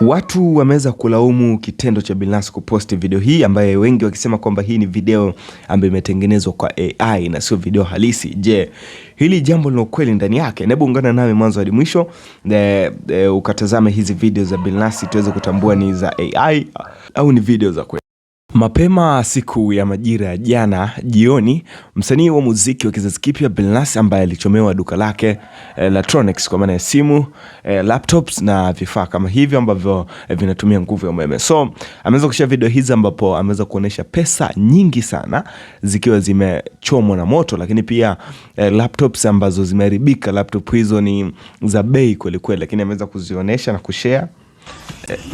Watu wameweza kulaumu kitendo cha Billnass kuposti video hii ambaye wengi wakisema kwamba hii ni video ambayo imetengenezwa kwa AI na sio video halisi. Je, hili jambo lina ukweli ndani yake? Hebu ungana nami mwanzo hadi mwisho eh, eh, ukatazame hizi video za Billnass tuweze kutambua ni za AI au ni video za kweli. Mapema siku ya majira ya jana jioni, msanii wa muziki wa kizazi kipya Billnass ambaye alichomewa duka lake e, eh, Latronics kwa maana ya simu eh, laptops na vifaa kama hivyo ambavyo eh, vinatumia nguvu ya umeme. So ameweza kushare video hizi ambapo ameweza kuonyesha pesa nyingi sana zikiwa zimechomwa na moto, lakini pia eh, laptops ambazo zimeharibika. Laptop hizo ni za bei kweli kweli, lakini ameweza kuzionyesha na kushare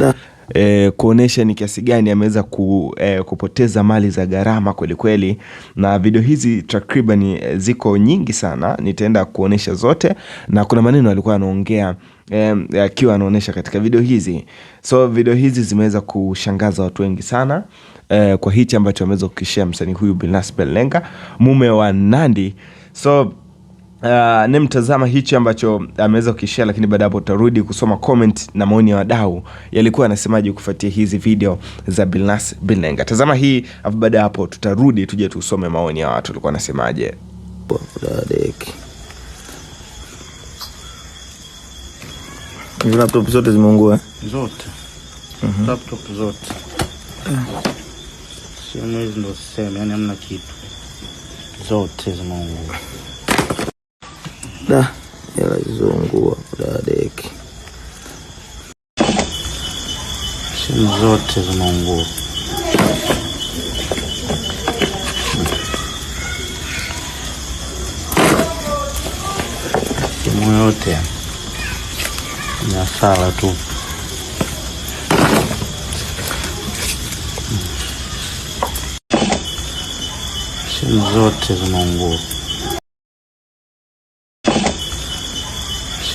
eh, e, kuonesha ni kiasi gani ameweza ku, e, kupoteza mali za gharama kwelikweli, na video hizi takriban eh, ziko nyingi sana, nitaenda kuonesha zote, na kuna maneno alikuwa anaongea akiwa e, anaonesha katika video hizi. So video hizi zimeweza kushangaza watu wengi sana e, kwa hichi ambacho ameweza kukishia msanii huyu Bilnas Belenga, mume wa Nandy so Uh, ni mtazama hichi ambacho ameweza kukishare, lakini baada hapo tutarudi kusoma comment na maoni ya wadau yalikuwa yanasemaje kufuatia hizi video za Billnass Bilenga. Tazama hii afu baada hapo tutarudi tuje tusome maoni ya watu walikuwa anasemaje. Laptop zote zimeungua zote. Mm -hmm. Laptop zote. Eh. Sio hizo ndo sema, yani hamna kitu. Zote zimeungua. Da, hela zizungua kudadeki. Simu zote zinaungua Simu yote ni tu. Simu zote zinaungua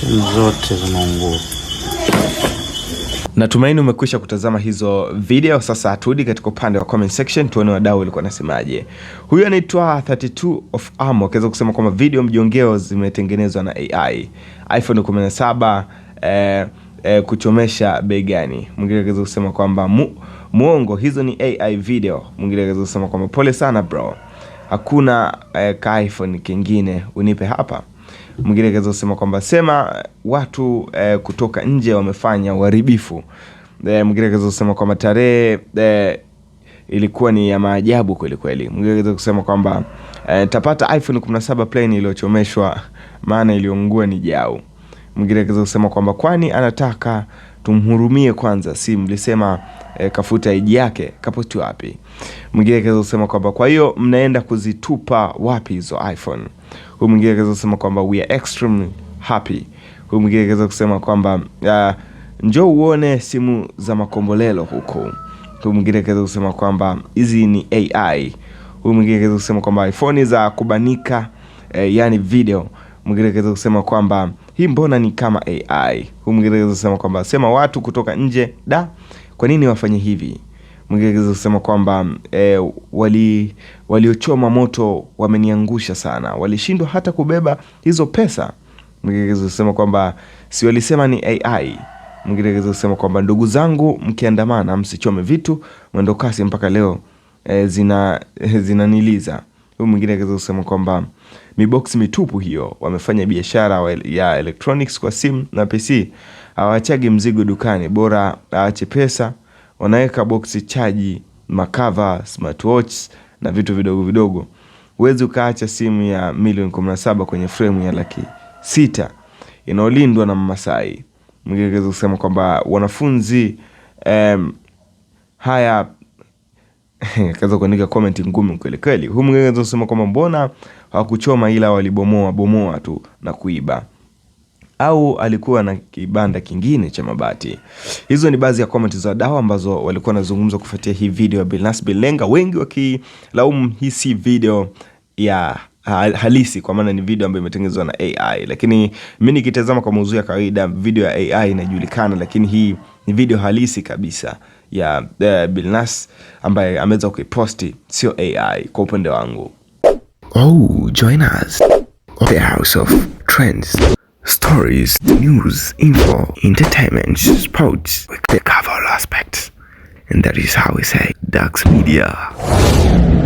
simu zote zinaungua. Natumaini umekwisha kutazama hizo video. Sasa turudi katika upande wa comment section tuone wadau walikuwa nasemaje. Huyu anaitwa 32 of Amo akaweza kusema kwamba video mjongeo zimetengenezwa na AI, iPhone 17 eh, eh, kuchomesha bei gani? Mwingine akaweza kusema kwamba mu, muongo hizo ni AI video. Mwingine akaweza kusema kwamba pole sana bro, hakuna eh, ka iPhone kingine unipe hapa mwingine kaweza kusema kwamba sema eh, watu eh, kutoka nje wamefanya uharibifu eh, mwingine kaweza kusema kwamba tarehe eh, ilikuwa ni ya maajabu kweli kweli. Mwingine kaweza kusema kwamba eh, tapata iPhone 17 plain iliyochomeshwa, maana iliyoungua ni jau. Mwingine kaweza kusema kwamba kwani anataka tumhurumie kwanza, si mlisema eh, kafuta ID yake, kapoti wapi? Mwingine kaweza kusema kwamba kwa hiyo mnaenda kuzitupa wapi hizo iPhone? Huyu mwingine akaweza kusema kwamba we are extremely happy. Huyu mwingine akaweza kusema kwamba uh, njoo uone simu za makombolelo huku Huyu mwingine akaweza kusema kwamba hizi ni AI. Huyu mwingine akaweza kusema kwamba iPhone za kubanika eh, yani video. Mwingine akaweza kusema kwamba hii mbona ni kama AI. Huyu mwingine akaweza kusema kwamba sema watu kutoka nje da, kwa nini wafanye hivi? Mwingeza kusema kwamba e, wali waliochoma moto wameniangusha sana, walishindwa hata kubeba hizo pesa. Mwingeza kusema kwamba si walisema ni AI. Mwingine kaweza kusema kwamba ndugu zangu, mkiandamana msichome vitu, mwendo kasi mpaka leo e, zina e, zinaniliza. Huyu mwingine akaweza kusema kwamba miboksi mitupu hiyo, wamefanya biashara ya electronics kwa simu na PC, hawachagi mzigo dukani, bora aache pesa wanaweka boksi chaji, makava, smartwatch na vitu vidogo vidogo. Huwezi ukaacha simu ya milioni 17 kwenye fremu ya laki sita inayolindwa na Mmasai. Mwingine kusema kwamba wanafunzi um, haya kaweza kuandika komenti ngumu kweli kweli. Huu mwingine kusema kwamba mbona hawakuchoma ila walibomoa bomoa tu na kuiba au alikuwa na kibanda kingine cha mabati. Hizo ni baadhi ya komenti za wadau ambazo walikuwa wanazungumza kufuatia hii video ya Bilnas Bilenga, wengi wakilaumu hii si video ya halisi kwa maana ni video ambayo imetengenezwa na AI, lakini mimi nikitazama kwa maudhui ya kawaida video ya AI inajulikana, lakini hii ni video halisi kabisa ya uh, eh, Bilnas ambaye ameweza kuiposti, sio AI kwa upande wangu. Oh, join us. The House of Trends stories, news, info, entertainment, sports. We cover all aspects. And that is how we say ducks Media.